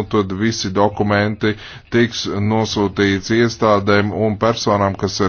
un tad visi dokumenti tiks nosūtīts iestādēm un personām, kas